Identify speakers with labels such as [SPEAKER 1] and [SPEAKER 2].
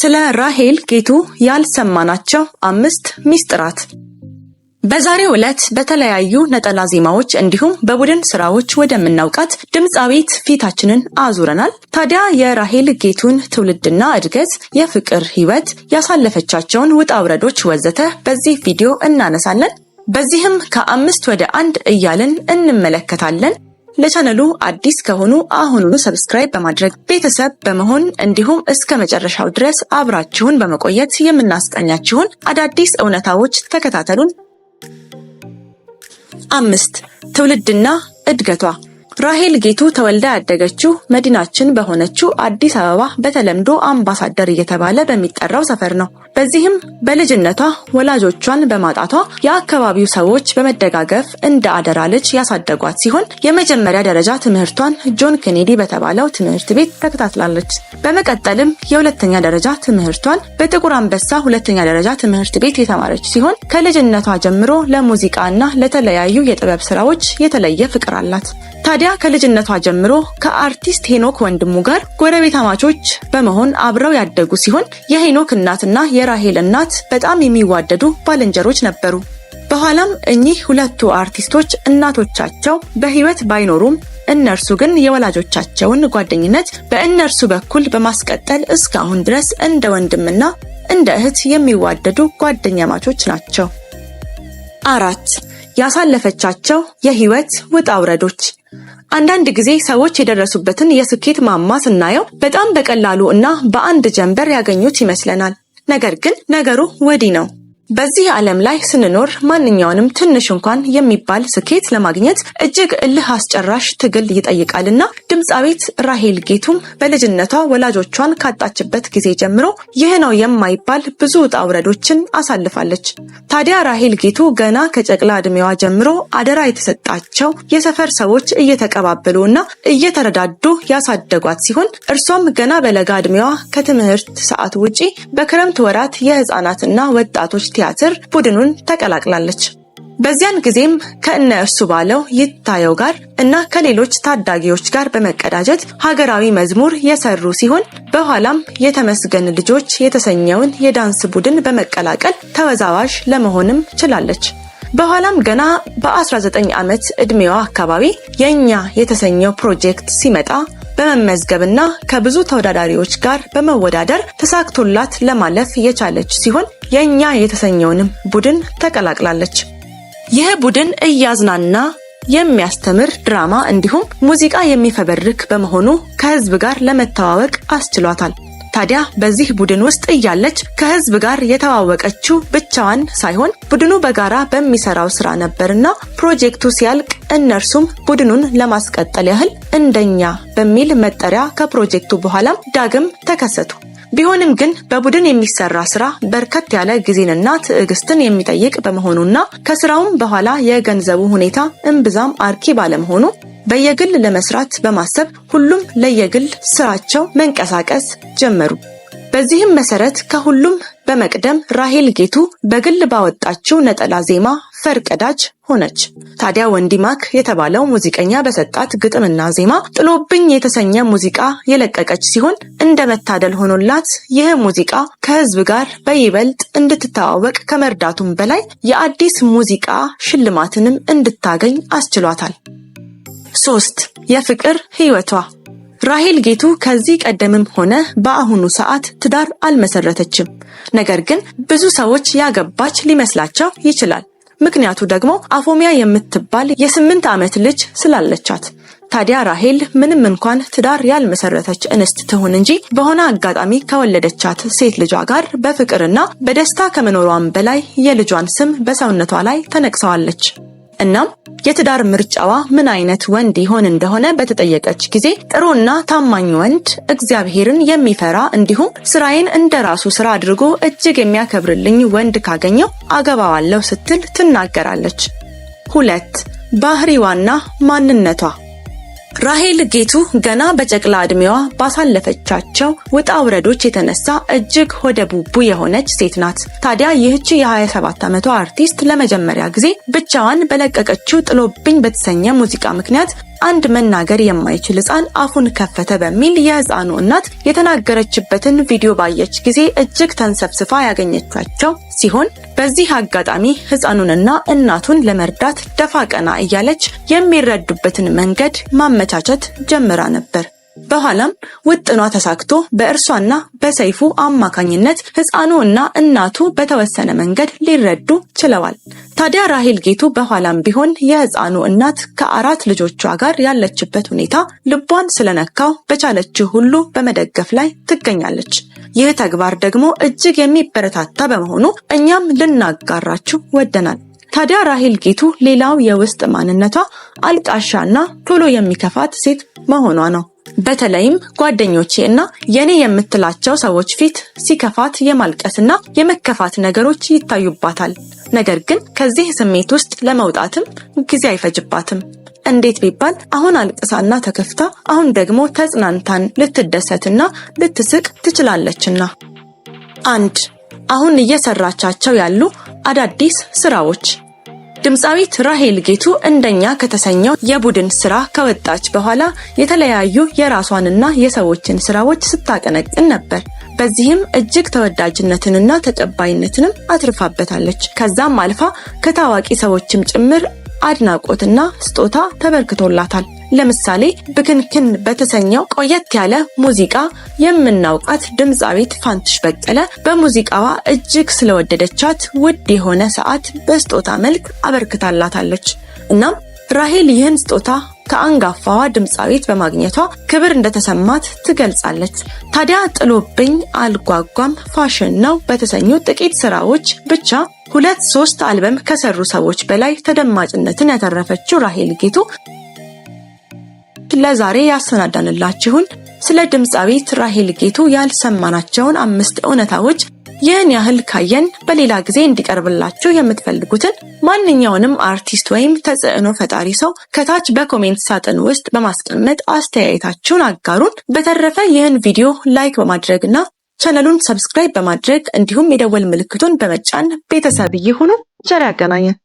[SPEAKER 1] ስለ ራሄል ጌቱ ያልሰማናቸው አምስት ሚስጥራት በዛሬው ዕለት በተለያዩ ነጠላ ዜማዎች እንዲሁም በቡድን ስራዎች ወደምናውቃት ድምፃዊት ፊታችንን አዙረናል። ታዲያ የራሄል ጌቱን ትውልድና እድገት፣ የፍቅር ህይወት፣ ያሳለፈቻቸውን ውጣ ውረዶች ወዘተ በዚህ ቪዲዮ እናነሳለን። በዚህም ከአምስት ወደ አንድ እያልን እንመለከታለን። ለቻነሉ አዲስ ከሆኑ አሁኑኑ ሰብስክራይብ በማድረግ ቤተሰብ በመሆን እንዲሁም እስከ መጨረሻው ድረስ አብራችሁን በመቆየት የምናስቀኛችሁን አዳዲስ እውነታዎች ተከታተሉን። አምስት ትውልድና እድገቷ ራሄል ጌቱ ተወልዳ ያደገችው መዲናችን በሆነችው አዲስ አበባ በተለምዶ አምባሳደር እየተባለ በሚጠራው ሰፈር ነው። በዚህም በልጅነቷ ወላጆቿን በማጣቷ የአካባቢው ሰዎች በመደጋገፍ እንደ አደራ ልጅ ያሳደጓት ሲሆን የመጀመሪያ ደረጃ ትምህርቷን ጆን ኬኔዲ በተባለው ትምህርት ቤት ተከታትላለች። በመቀጠልም የሁለተኛ ደረጃ ትምህርቷን በጥቁር አንበሳ ሁለተኛ ደረጃ ትምህርት ቤት የተማረች ሲሆን ከልጅነቷ ጀምሮ ለሙዚቃ እና ለተለያዩ የጥበብ ስራዎች የተለየ ፍቅር አላት። ታዲያ ከልጅነቷ ጀምሮ ከአርቲስት ሄኖክ ወንድሙ ጋር ጎረቤታማቾች በመሆን አብረው ያደጉ ሲሆን የሄኖክ እናትና የራሄል እናት በጣም የሚዋደዱ ባልንጀሮች ነበሩ። በኋላም እኚህ ሁለቱ አርቲስቶች እናቶቻቸው በሕይወት ባይኖሩም እነርሱ ግን የወላጆቻቸውን ጓደኝነት በእነርሱ በኩል በማስቀጠል እስካሁን ድረስ እንደ ወንድምና እንደ እህት የሚዋደዱ ጓደኛማቾች ናቸው። አራት ያሳለፈቻቸው የህይወት ውጣ ውረዶች አንዳንድ ጊዜ ሰዎች የደረሱበትን የስኬት ማማ ስናየው በጣም በቀላሉ እና በአንድ ጀንበር ያገኙት ይመስለናል። ነገር ግን ነገሩ ወዲህ ነው። በዚህ ዓለም ላይ ስንኖር ማንኛውንም ትንሽ እንኳን የሚባል ስኬት ለማግኘት እጅግ እልህ አስጨራሽ ትግል ይጠይቃልና ድምፃዊት ራሄል ጌቱም በልጅነቷ ወላጆቿን ካጣችበት ጊዜ ጀምሮ ይህ ነው የማይባል ብዙ ውጣ ውረዶችን አሳልፋለች። ታዲያ ራሄል ጌቱ ገና ከጨቅላ ዕድሜዋ ጀምሮ አደራ የተሰጣቸው የሰፈር ሰዎች እየተቀባበሉ እና እየተረዳዱ ያሳደጓት ሲሆን እርሷም ገና በለጋ ዕድሜዋ ከትምህርት ሰዓት ውጪ በክረምት ወራት የህፃናትና ወጣቶች ቲያትር ቡድኑን ተቀላቅላለች። በዚያን ጊዜም ከእነ እርሱ ባለው ይታየው ጋር እና ከሌሎች ታዳጊዎች ጋር በመቀዳጀት ሀገራዊ መዝሙር የሰሩ ሲሆን በኋላም የተመስገን ልጆች የተሰኘውን የዳንስ ቡድን በመቀላቀል ተወዛዋዥ ለመሆንም ችላለች። በኋላም ገና በ19 ዓመት ዕድሜዋ አካባቢ የእኛ የተሰኘው ፕሮጀክት ሲመጣ በመመዝገብና ከብዙ ተወዳዳሪዎች ጋር በመወዳደር ተሳክቶላት ለማለፍ የቻለች ሲሆን የእኛ የተሰኘውንም ቡድን ተቀላቅላለች። ይህ ቡድን እያዝናና የሚያስተምር ድራማ እንዲሁም ሙዚቃ የሚፈበርክ በመሆኑ ከህዝብ ጋር ለመተዋወቅ አስችሏታል። ታዲያ በዚህ ቡድን ውስጥ እያለች ከህዝብ ጋር የተዋወቀችው ብቻዋን ሳይሆን ቡድኑ በጋራ በሚሰራው ስራ ነበርና ፕሮጀክቱ ሲያልቅ እነርሱም ቡድኑን ለማስቀጠል ያህል እንደኛ በሚል መጠሪያ ከፕሮጀክቱ በኋላም ዳግም ተከሰቱ። ቢሆንም ግን በቡድን የሚሰራ ስራ በርከት ያለ ጊዜንና ትዕግስትን የሚጠይቅ በመሆኑና ከስራውም በኋላ የገንዘቡ ሁኔታ እምብዛም አርኪ ባለመሆኑ በየግል ለመስራት በማሰብ ሁሉም ለየግል ስራቸው መንቀሳቀስ ጀመሩ። በዚህም መሰረት ከሁሉም በመቅደም ራሄል ጌቱ በግል ባወጣችው ነጠላ ዜማ ፈርቀዳጅ ሆነች። ታዲያ ወንዲ ማክ የተባለው ሙዚቀኛ በሰጣት ግጥምና ዜማ ጥሎብኝ የተሰኘ ሙዚቃ የለቀቀች ሲሆን እንደ መታደል ሆኖላት ይህ ሙዚቃ ከህዝብ ጋር በይበልጥ እንድትተዋወቅ ከመርዳቱም በላይ የአዲስ ሙዚቃ ሽልማትንም እንድታገኝ አስችሏታል። ሶስት የፍቅር ህይወቷ ራሄል ጌቱ ከዚህ ቀደምም ሆነ በአሁኑ ሰዓት ትዳር አልመሰረተችም። ነገር ግን ብዙ ሰዎች ያገባች ሊመስላቸው ይችላል። ምክንያቱ ደግሞ አፎሚያ የምትባል የስምንት ዓመት ልጅ ስላለቻት። ታዲያ ራሄል ምንም እንኳን ትዳር ያልመሰረተች እንስት ትሁን እንጂ በሆነ አጋጣሚ ከወለደቻት ሴት ልጇ ጋር በፍቅርና በደስታ ከመኖሯን በላይ የልጇን ስም በሰውነቷ ላይ ተነቅሰዋለች። እናም የትዳር ምርጫዋ ምን አይነት ወንድ ይሆን እንደሆነ በተጠየቀች ጊዜ ጥሩና ታማኝ ወንድ፣ እግዚአብሔርን የሚፈራ እንዲሁም ስራዬን እንደ ራሱ ስራ አድርጎ እጅግ የሚያከብርልኝ ወንድ ካገኘው አገባዋለሁ ስትል ትናገራለች። ሁለት ባህሪዋና ማንነቷ ራሄል ጌቱ ገና በጨቅላ እድሜዋ ባሳለፈቻቸው ውጣ ውረዶች የተነሳ እጅግ ሆደ ቡቡ የሆነች ሴት ናት። ታዲያ ይህቺ የ27 ዓመቷ አርቲስት ለመጀመሪያ ጊዜ ብቻዋን በለቀቀችው ጥሎብኝ በተሰኘ ሙዚቃ ምክንያት አንድ መናገር የማይችል ህፃን አፉን ከፈተ በሚል የህፃኑ እናት የተናገረችበትን ቪዲዮ ባየች ጊዜ እጅግ ተንሰብስፋ ያገኘቻቸው ሲሆን በዚህ አጋጣሚ ህፃኑንና እናቱን ለመርዳት ደፋ ቀና እያለች የሚረዱበትን መንገድ ማመ ማመቻቸት ጀምራ ነበር። በኋላም ውጥኗ ተሳክቶ በእርሷና በሰይፉ አማካኝነት ሕፃኑ እና እናቱ በተወሰነ መንገድ ሊረዱ ችለዋል። ታዲያ ራሄል ጌቱ በኋላም ቢሆን የሕፃኑ እናት ከአራት ልጆቿ ጋር ያለችበት ሁኔታ ልቧን ስለነካው በቻለችው ሁሉ በመደገፍ ላይ ትገኛለች። ይህ ተግባር ደግሞ እጅግ የሚበረታታ በመሆኑ እኛም ልናጋራችሁ ወደናል። ታዲያ ራሄል ጌቱ ሌላው የውስጥ ማንነቷ አልቃሻና ቶሎ የሚከፋት ሴት መሆኗ ነው። በተለይም ጓደኞቼ እና የኔ የምትላቸው ሰዎች ፊት ሲከፋት የማልቀስና የመከፋት ነገሮች ይታዩባታል። ነገር ግን ከዚህ ስሜት ውስጥ ለመውጣትም ጊዜ አይፈጅባትም። እንዴት ቢባል አሁን አልቅሳና ተከፍታ፣ አሁን ደግሞ ተጽናንታን ልትደሰትና ልትስቅ ትችላለችና። አንድ አሁን እየሰራቻቸው ያሉ አዳዲስ ስራዎች ድምፃዊት ራሄል ጌቱ እንደኛ ከተሰኘው የቡድን ስራ ከወጣች በኋላ የተለያዩ የራሷንና የሰዎችን ስራዎች ስታቀነቅን ነበር። በዚህም እጅግ ተወዳጅነትንና ተጨባይነትንም አትርፋበታለች። ከዛም አልፋ ከታዋቂ ሰዎችም ጭምር አድናቆትና ስጦታ ተበርክቶላታል። ለምሳሌ ብክንክን በተሰኘው ቆየት ያለ ሙዚቃ የምናውቃት ድምፃዊት ፋንትሽ በቀለ በሙዚቃዋ እጅግ ስለወደደቻት ውድ የሆነ ሰዓት በስጦታ መልክ አበርክታላታለች። እናም ራሄል ይህን ስጦታ ከአንጋፋዋ ድምፃዊት በማግኘቷ ክብር እንደተሰማት ትገልጻለች። ታዲያ ጥሎብኝ አልጓጓም ፋሽን ነው በተሰኙ ጥቂት ስራዎች ብቻ ሁለት ሶስት አልበም ከሰሩ ሰዎች በላይ ተደማጭነትን ያተረፈችው ራሄል ጌቱ ለዛሬ ያሰናዳንላችሁን ስለ ድምፃዊት ራሄል ጌቱ ያልሰማናቸውን አምስት እውነታዎች ይህን ያህል ካየን በሌላ ጊዜ እንዲቀርብላችሁ የምትፈልጉትን ማንኛውንም አርቲስት ወይም ተጽዕኖ ፈጣሪ ሰው ከታች በኮሜንት ሳጥን ውስጥ በማስቀመጥ አስተያየታችሁን አጋሩን። በተረፈ ይህን ቪዲዮ ላይክ በማድረግና ቻናሉን ሰብስክራይብ በማድረግ እንዲሁም የደወል ምልክቱን በመጫን ቤተሰብ ይሁኑ። ቸር ያገናኘን።